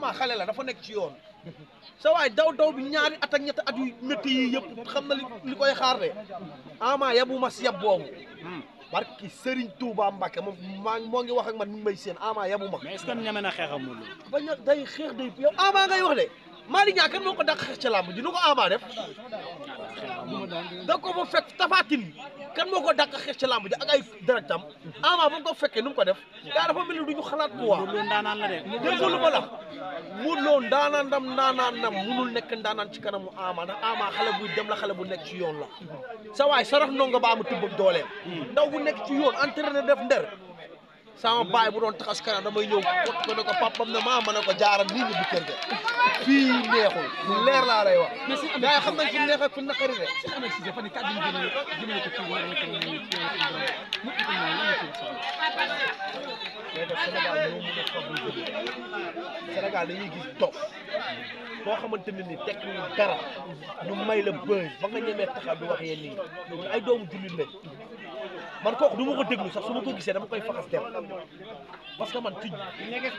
ma xale la dafa nekk ci yoon sa waay daw daw bi ñaari at ak ñetti at yu métti yi yëpp xam na li koy xaar de ama yabu ma si yab boobu hmm. barki Serigne Touba Mbacke moom maa moo ngi wax ak man mi ngi may seen ama yabu ma mais est-ce na xeexam Modou Lo bañ day xeex day yow ngay wax de Malick Niang kan moo ko dàq xeex ci làmb dina ko ama da ko fa fekk tafaatin kan moo ko dàq xeex ci làmb ji ak ay directam ama ba ko fekkee nu ko def daa dafa mel ni du ñu xalaat quoi ndaanaan la de déglu ma la mu loon ndaanaan ndam ndaanaan ndam munul nekk ndaanaan ci kanamu ama ndax ama xale buy dem la xale bu nekk ci yoon la sa waay sarax ndongo ba ama tëbbam dooleem hmm. ndaw bu nekk ci yoon entraîné def nder sama baay bu doon taxaw si kanam damay ñëw kott ko ne ko papam ne maa mën a jaaral nii nga bu kër ga fii neexul lu leer laa lay wax. mais sëñ Amath xam nañ fi neex ak fi naqari de. sëñ Amath Cissé fan yii kàddu yi jëmee ko ci wàllu mbokku mu ngi ci wàllu dañuy gis toog boo xamante ne nii tekk ñu dara ñu may la bëri ba nga ñemee taxaw di wax yéen nii ay doomu jullit lañ. man kooku du ma ko déglu sax su ma ko gisee dama koy faxasteel parce que man ci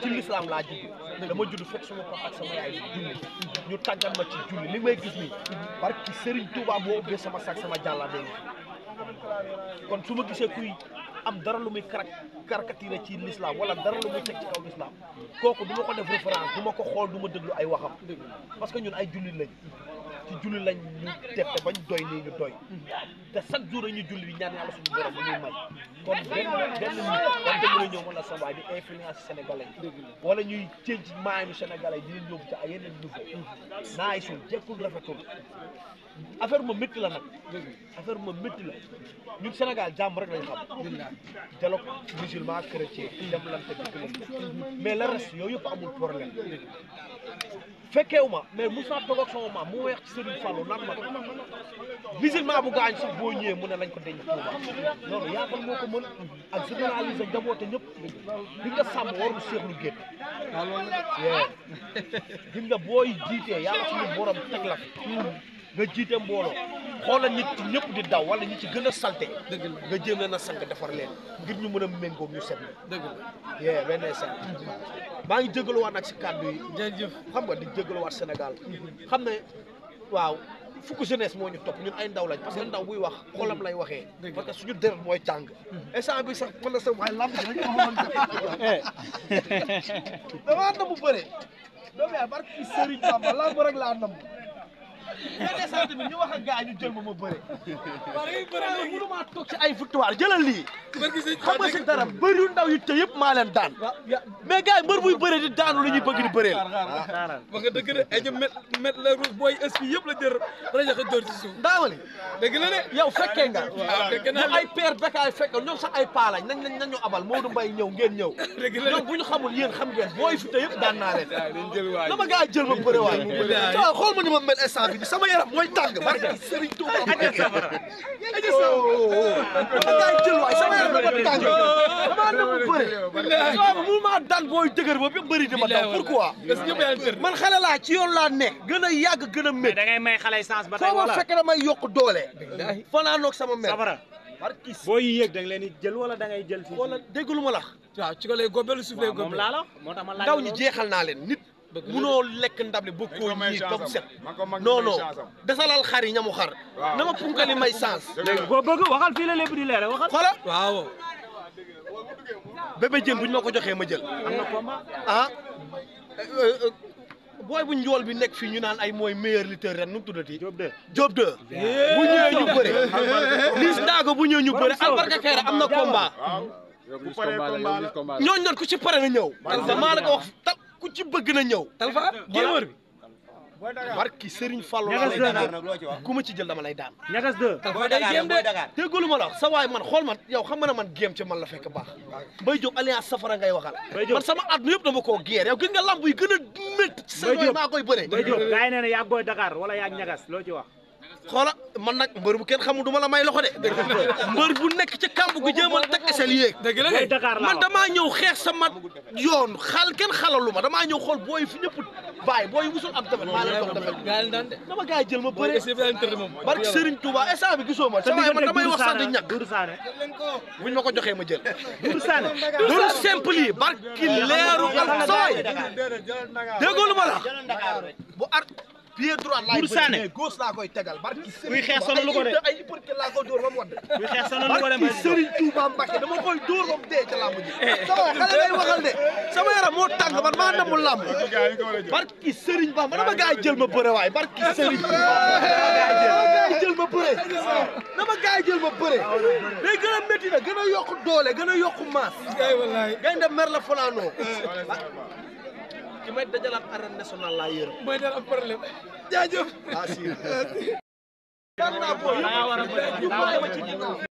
ci lislaam laa judd dama judd fekk suma papa ak sama yaay julli ñu tàggat ma ci julli li may gis nii barki Serigne Touba boo ubbee sama sac sama jàlla day kon su ma gisee kuy am dara lu muy karak karikatire ci l'islam wala dara lu muy teg ci kaw l'islam kooku du ma ko def référence du ma ko xool du ma déglu ay waxam parce que ñun ay jullit lañ ci julli lañ ñu def te bañ doy nii ñu doy te chaque jour dañuy julli bi ñaan yàlla suñu borom bu ñuy may kon benn benn nit wante mën a ñëw mën a sawaay di influence sénégalais wala ñuy cënc maamu sénégalais di leen yóbbu ci ay yeneen niveau naay suñ jekkul ma métti la nag affaire ma métti la ñun Sénégal jàmm rek lañ xam dialogue musulman chrétien dem lante dëkk mais le yooyu yëpp amul problème fekkeewu ma mais mos naa toog ak sama maam mu weex ci Serigne Fallou ma musulman bu gaañ sax boo ñëwee mu ne lañ ko denc Touba loolu yaakaar moo ko mën ak généraliser njaboote ñëpp li nga sàmm warul seexlu génn waaw loolu booy jiitee yàlla suñu borom teg la fi nga jiite mbooloo xoolal nit ci ñëpp di daw wala ñu ci gën a salte dëgg nga jéem leen a sang defar leen ngir ñu mën a méngoo ñu set la dëgg la yee benn sant maa ngi jégaluwaat nag si kàddu yi xam nga di jégaluwaat Sénégal xam ne waaw fukk jeunesse moo ñu topp ñun ay ndaw lañ parce que ndaw buy wax xolam lay waxee parce que suñu deret mooy càng mm-hmm. instant bi sax mën na sa waaye lamb dañ ko xamante damaa namm bëre doomu yaay barki Serigne Bamba lamb rek laa namm yow tamit ñu wax ak gars ñu jël ma ma bëre. waaw da ngay bëre léegi mënu maa toog ci ay victoire jëlal lii. xam nga si dara bëri ndaw yu te yëpp maa leen daan. mais gars yi mbër buy bëree di daanu lu ñuy bëgg di bëreel. wax nga dëgg de ay ñoom met met la rouge booy espi yëpp la jër rajo ko dóor ci suuf. daawale. dëgg la de. yow fekkee nga. waaw fekkee naa ay père bekaay fekk ñoom sax ay paa lañ nañ nañ ñu abal Modou Mbaye ñëw ngeen ñëw. dëgg la de ñoom bu ñu xamul yéen xam ngeen booy fi te yëpp daan naa leen. dama gars jël ma bëre waay xool ma ñu ma mel instant bi sama yaram mooy tàng barke Serigne Touba Adja Samara Adja Samara da jël waay sama yaram dafa tàng dama na mu bëre waaw mu ma daan booy dëgër ba bi bëri dama daw pourquoi man xale laa ci yoon laa ne gën a yàgg gën a mét da ngay may xale chance ba tey wala foo ma fekk damay yokk doole fanaanoog sama mère Samara boo yi yëg da nga leen di jël wala da ngay jël fii wala déglu ma la waaw ci ko lay gobelu suuf lay gobelu moom laa la moo tax ma laaj ndaw ñi jeexal naa leen nit munoo lekk ndab li ba koo yii ba set non non desalal xar yi ñamu xar na ma punkali may chance boo bëgg waxal fii la lépp di bu ñu ma ko joxee ma jël am na combat ah euh, euh, booy bu njool bi nekk fii ñu naan ay mooy meilleur lutteur nu mu tuddati. Diop 2 Diop 2. bu ñëwee ñu bëri. Liss Ndiago bu ñëwee am na combat. ñooñu ku ci pare na ñëw. maa la ko wax tal ku ci bëgg na ñëw. talfa géwër bi. barki Serigne Fallou loo lay daan ku ma ci jël dama lay daan. ñagas de talfa day géem de déglu ma la sa waay man xool man yow xam nga ne man géem ci man la fekk baax. Mbaye Diop a safara ngay waxal. man sama at mi yëpp dama koo géer yow gis nga lamb yi gën a métti. Mbaye Diop ci sa maa koy bëree. Mbaye Diop gars nee na yaa booy Dakar wala yaa ñagas loo ci wax xoola man nag mbër bu kenn xamul du ma la may loxo de mbër bu nekk ca kàmb gu jéemal teg esel yéeg man damaa ñëw xeex sama yoon xal ken xalalu ma damaa ñëw xool booy fi ñëpp bàyyi booy wusul ab defet maa leen dox defet dama gaa yi ma bëre barke Serigne Touba instant bi gisoo ma sama man damay wax sax di ñàkk ma ko joxee ma jël duru simple yi barki leeru al sooy déggoo lu ma la bu ar pied droit laay bëree gauche laa koy tegal barki Serigne Touba ay uppercut laa koy dóor ba mu wadd barki Serigne Touba Mbacke dama koy dóor ba mu dee ca làmb ji sama eh. xale lay waxal de sama yaram moo tàng man barki Serigne Ba ma dama jël ma bëre waay barki Serigne Touba eh. gaay jël ma bëre dama gaay jël ma bëre day gën a métti gën a yokk doole gën a yokk maas eh, gaynde mer la folaanoo ki may dajalaat arène nationale laa yër mooy dara am problème jaajëf. ah si. daan naa ko yëpp daa war a ma ci